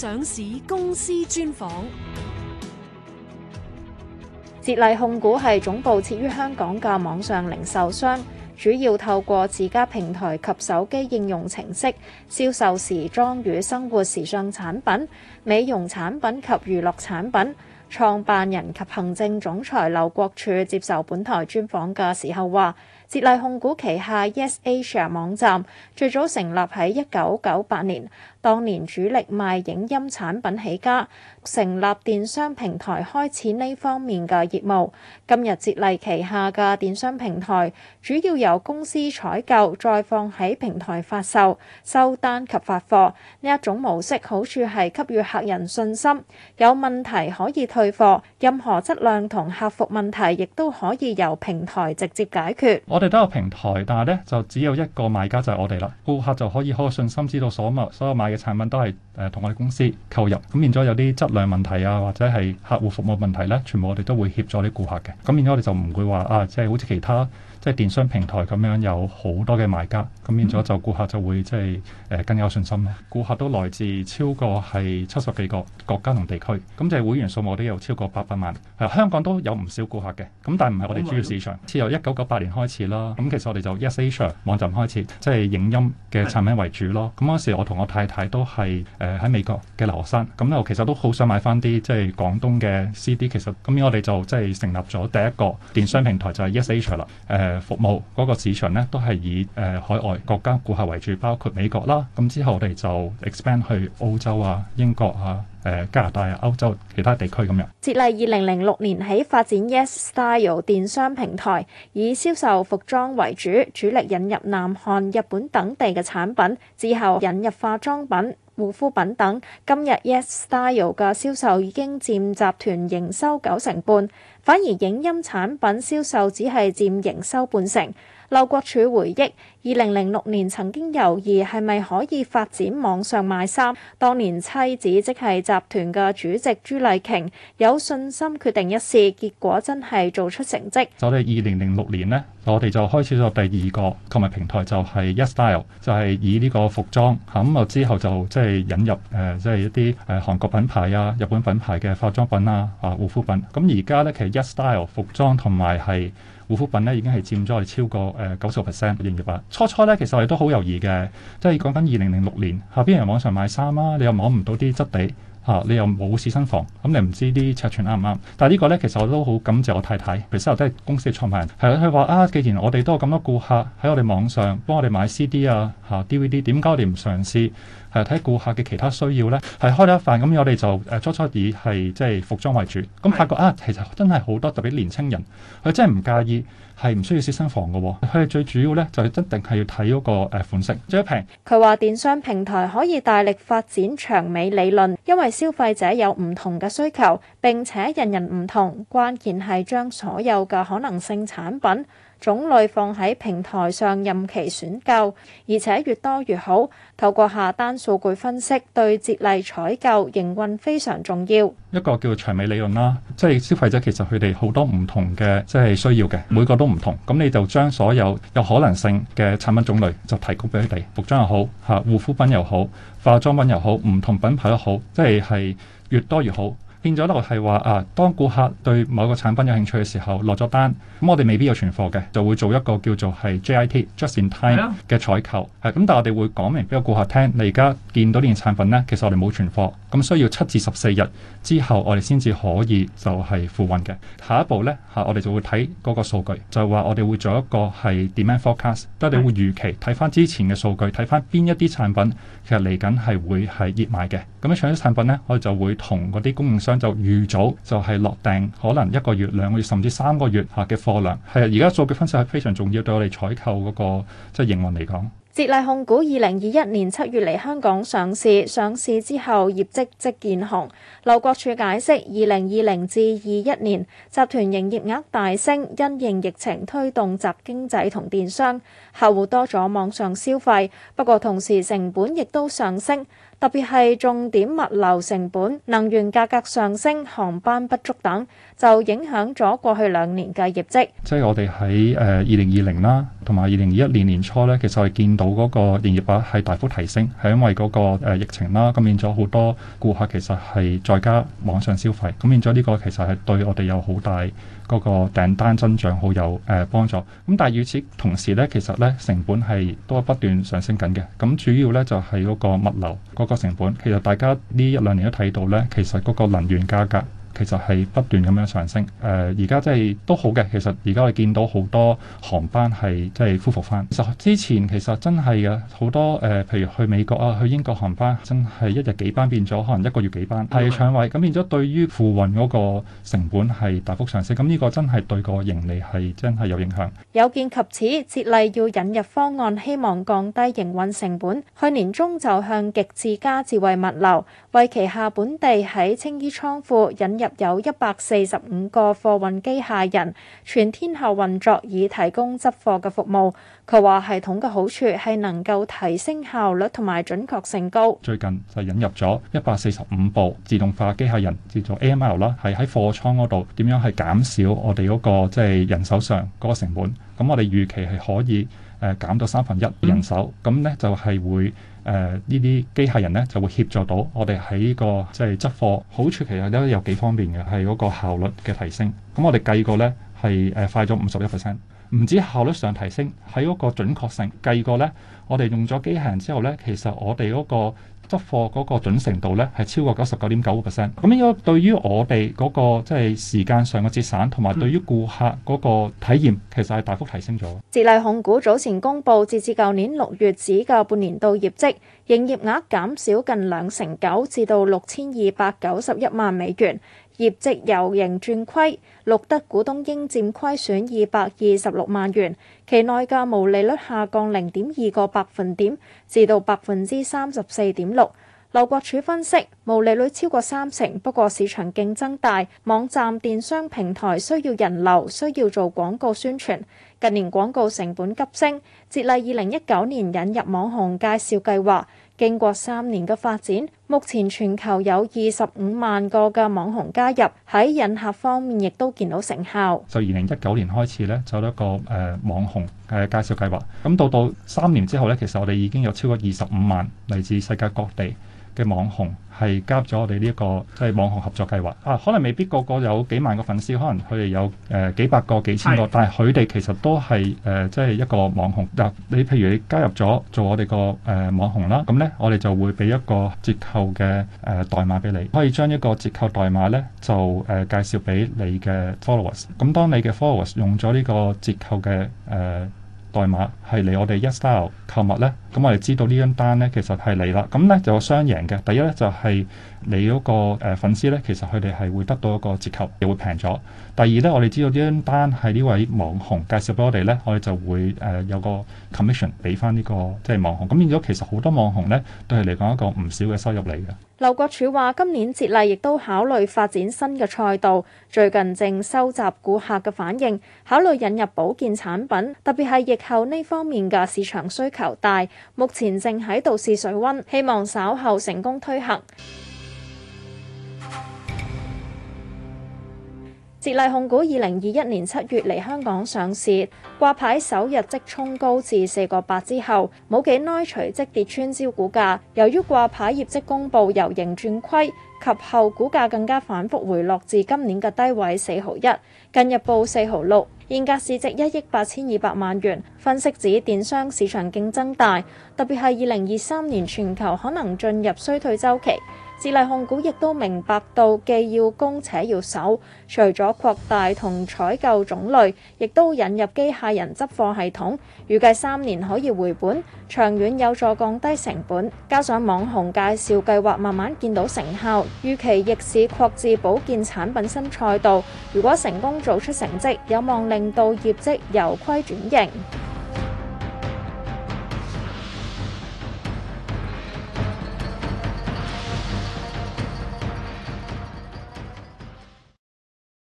上市公司專訪。喆麗控股係總部設於香港嘅網上零售商，主要透過自家平台及手機應用程式銷售時裝與生活時尚產品、美容產品及娛樂產品。創辦人及行政總裁劉國柱接受本台專訪嘅時候話，喆麗控股旗下 Yes Asia 網站最早成立喺一九九八年。當年主力賣影音產品起家，成立電商平台嘅產品都係誒同我哋公司購入，咁變咗有啲質量問題啊，或者係客戶服務問題咧，全部我哋都會協助啲顧客嘅，咁變咗我哋就唔會話啊，即係好似其他。即係電商平台咁樣有好多嘅賣家，咁變咗就顧客就會即係誒更有信心咯。顧客都來自超過係七十幾個國家同地區，咁即係會員數目都有超過八百萬。係、啊、香港都有唔少顧客嘅，咁但係唔係我哋主要市場。始由一九九八年開始啦，咁其實我哋就 YesAsia 網站開始，即、就、係、是、影音嘅產品為主咯。咁嗰時我同我太太都係誒喺美國嘅留學生，咁咧我其實都好想買翻啲即係廣東嘅 CD，其實咁樣我哋就即係成立咗第一個電商平台就係、是、YesAsia 啦，誒、呃。誒服務嗰、那個市場咧，都係以誒、呃、海外國家顧客為主，包括美國啦。咁之後我哋就 expand 去澳洲啊、英國啊。誒加拿大啊，歐洲其他地區咁樣。喆麗二零零六年起發展 Yes Style 電商平台，以銷售服裝為主，主力引入南韓、日本等地嘅產品。之後引入化妝品、護膚品等。今日 Yes Style 嘅銷售已經佔集團營收九成半，反而影音產品銷售只係佔營收半成。劉國柱回憶：二零零六年曾經猶豫係咪可以發展網上賣衫，當年妻子即係集團嘅主席朱麗瓊有信心決定一試，結果真係做出成績。我哋二零零六年呢，我哋就開始咗第二個購物平台，就係 Yes Style，就係以呢個服裝咁啊，之後就即係引入誒即係一啲誒韓國品牌啊、日本品牌嘅化妝品啊、啊護膚品。咁而家呢，其實 Yes Style 服裝同埋係。護膚品咧已經係佔咗我哋超過誒九十個 percent 營業啦。初初咧其實我哋都好猶豫嘅，即係講緊二零零六年，下邊人網上買衫啦、啊，你又摸唔到啲質地。嚇、啊！你又冇試身房，咁、嗯、你唔知啲尺寸啱唔啱？但係呢個呢，其實我都好感謝我太太，其實都係公司嘅創辦人。係啦，佢話啊，既然我哋都有咁多顧客喺我哋網上幫我哋買 CD 啊、嚇、啊、DVD，點解我哋唔嘗試係睇顧客嘅其他需要呢？係開咗一飯，咁我哋就誒、啊、初初以係即係服裝為主，咁、嗯、發覺啊，其實真係好多特別年青人佢真係唔介意。係唔需要試身房嘅，佢係最主要咧就係一定係要睇嗰個誒款式，最平。佢話電商平台可以大力發展長尾理論，因為消費者有唔同嘅需求，並且人人唔同，關鍵係將所有嘅可能性產品。種類放喺平台上任其選購，而且越多越好。透過下單數據分析，對節例採購營運非常重要。一個叫長尾理論啦，即係消費者其實佢哋好多唔同嘅即係需要嘅，每個都唔同。咁你就將所有有可能性嘅產品種類就提供俾佢哋，服裝又好嚇，護膚品又好，化妝品又好，唔同品牌又好，即係係越多越好。變咗落係話啊，當顧客對某個產品有興趣嘅時候落咗單，咁我哋未必有存貨嘅，就會做一個叫做係 JIT（Just in Time） 嘅採購。係咁的，但係我哋會講明俾個顧客聽，你而家見到呢件產品咧，其實我哋冇存貨，咁需要七至十四日之後，我哋先至可以就係付運嘅。下一步咧，嚇、啊、我哋就會睇嗰個數據，就係話我哋會做一個係 demand forecast，即係我哋會預期睇翻之前嘅數據，睇翻邊一啲產品其實嚟緊係會係熱賣嘅。咁樣搶咗產品咧，我哋就會同嗰啲供應商。就預早就係落訂，可能一個月、兩個月甚至三個月嚇嘅貨量，係啊！而家數據分析係非常重要對我哋採購嗰個即係營運嚟講。喆麗控股二零二一年七月嚟香港上市，上市之後業績即見紅。劉國柱解釋，二零二零至二一年集團營業額大升，因應疫情推動集經濟同電商，客戶多咗網上消費，不過同時成本亦都上升。特別係重點物流成本、能源價格上升、航班不足等，就影響咗過去兩年嘅業績。即係我哋喺誒二零二零啦，同埋二零二一年年初咧，其實係見到嗰個營業額係大幅提升，係因為嗰個疫情啦，咁變咗好多顧客其實係在家網上消費，咁變咗呢個其實係對我哋有好大嗰個訂單增長，好有誒幫助。咁但係與此同時咧，其實咧成本係都係不斷上升緊嘅。咁主要咧就係嗰個物流個成本其實大家呢一兩年都睇到咧，其實嗰個能源價格，其實係不斷咁樣上升，誒而家即係都好嘅。其實而家我見到好多航班係即係恢復翻。其實之前其實真係嘅好多誒，譬如去美國啊、去英國航班，真係一日幾班變咗，可能一個月幾班。係搶位咁變咗，對於付運嗰個成本係大幅上升。咁呢個真係對個盈利係真係有影響。有見及此，喆麗要引入方案，希望降低營運成本。去年中就向極智嘉智慧物流為旗下本地喺青衣倉庫引入。有一百四十五個貨運機械人全天候運作，以提供執貨嘅服務。佢話系統嘅好處係能夠提升效率同埋準確性高。最近就引入咗一百四十五部自動化機械人，叫做 AMR 啦，係喺貨倉嗰度，點樣去減少我哋嗰、那個即係、就是、人手上嗰個成本。咁我哋預期係可以誒減、呃、到三分一人手，咁呢就係、是、會。誒呢啲機械人咧就會協助到我哋喺呢個即係執貨，好處其實都有幾方便嘅，係嗰個效率嘅提升。咁我哋計過咧係誒快咗五十一 percent。唔止效率上提升，喺嗰個準確性計過咧，我哋用咗機器人之後咧，其實我哋嗰個執貨嗰個準成度咧，係超過九十九點九個 percent。咁樣對於我哋嗰、那個即係、就是、時間上嘅節省，同埋對於顧客嗰個體驗，其實，係大幅提升咗。喆麗、嗯、控股早前公布截至舊年六月止嘅半年度業績營業額，額減少近兩成九，至到六千二百九十一萬美元。業績由盈轉虧，錄得股東應佔虧損二百二十六萬元，期內嘅毛利率下降零點二個百分點，至到百分之三十四點六。劉國柱分析，毛利率超過三成，不過市場競爭大，網站電商平台需要人流，需要做廣告宣傳，近年廣告成本急升。節例二零一九年引入網紅介紹計劃。經過三年嘅發展，目前全球有二十五萬個嘅網紅加入，喺引客方面亦都見到成效。就二零一九年開始咧，就有一個誒、呃、網紅誒介紹計劃，咁到到三年之後咧，其實我哋已經有超過二十五萬嚟自世界各地嘅網紅係加入咗我哋呢一個即係網紅合作計劃啊，可能未必個個有幾萬個粉絲，可能佢哋有誒、呃、幾百個、幾千個，的但係佢哋其實都係誒即係一個網紅。嗱、啊，你譬如你加入咗做我哋個誒網紅啦，咁咧我哋就會俾一個折扣嘅誒、呃、代碼俾你，可以將一個折扣代碼咧就誒、呃、介紹俾你嘅 followers。咁當你嘅 followers 用咗呢個折扣嘅誒、呃代碼係嚟我哋一 style 購物呢。咁我哋知道呢張單呢，其實係你啦，咁呢就有雙贏嘅。第一呢，就係你嗰個粉絲呢，其實佢哋係會得到一個折扣，又會平咗。第二呢，我哋知道呢張單係呢位網紅介紹俾我哋呢，我哋就會誒有個 commission 俾翻呢個即係網紅。咁變咗其實好多網紅呢，都係嚟講一個唔少嘅收入嚟嘅。劉國柱話：今年喆麗亦都考慮發展新嘅賽道，最近正收集顧客嘅反應，考慮引入保健產品，特別係疫購呢方面嘅市場需求大，目前正喺度試水温，希望稍後成功推行。喆麗控股二零二一年七月嚟香港上市，掛牌首日即衝高至四個八之後，冇幾耐隨即跌，跌穿招股價。由於掛牌業績公布由盈轉虧，及後股價更加反覆回落至今年嘅低位四毫一，近日報四毫六。現價市值一億八千二百萬元。分析指，電商市場競爭大，特別係二零二三年全球可能進入衰退周期。喆麗控股亦都明白到既要攻且要守，除咗擴大同採購種類，亦都引入機械人執貨系統，預計三年可以回本，長遠有助降低成本。加上網紅介紹計劃慢慢見到成效，預期亦是擴至保健產品新賽道。如果成功做出成績，有望令到業績由虧轉盈。